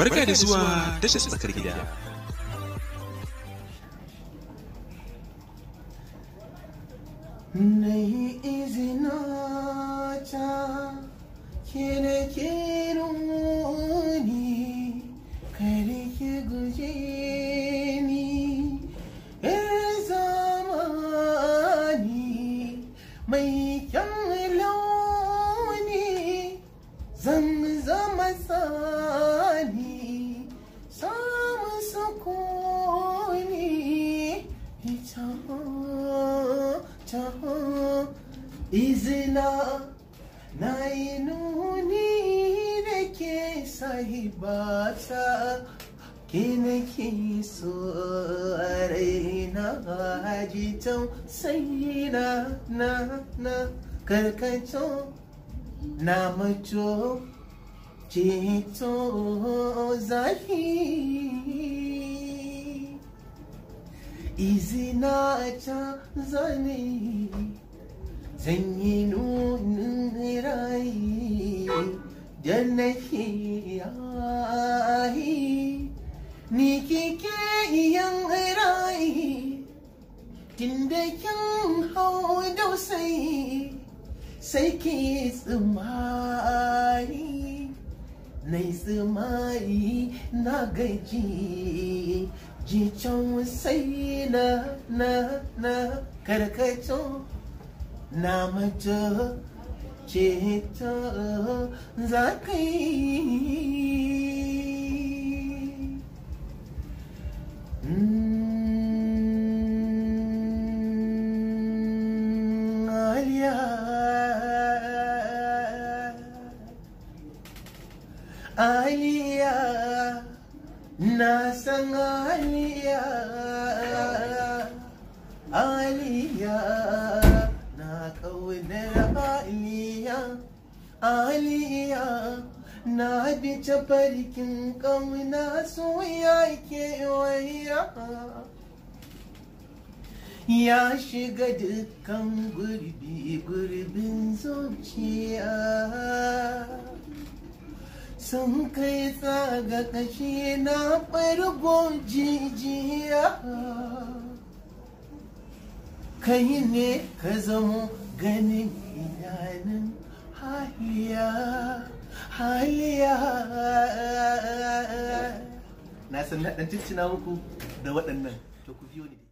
Barka da zuwa tashar tsakar gida. Na yi izina ta ke da ke rumuni, kare ke guje ni, zamani mai kyan launi zan. जहाँ इजला नैनूनी के सही बाचा किन की सो अरे नाजी चौ सही ना ना ना कर कचो नाम चो चेचो जाही izina ta zane zan yi nunin rayi da nake yayi ni kike yan rayi tun da kin hau dausai sai ki tsimari nai tsumayi na gaji jicon sai na na na karkacin na mace za ka yi Aliya na san Aliya Aliya na kaunar Aliya Aliya na bi farkin kauna soya ke waya ya shiga dukkan gurbi gurbin zuciya sun kai tsaga kashi na farkon jijiya kai ne ka zamo ganin idanun haliya haliya na san na ɗan muku da waɗannan to ku biyo ni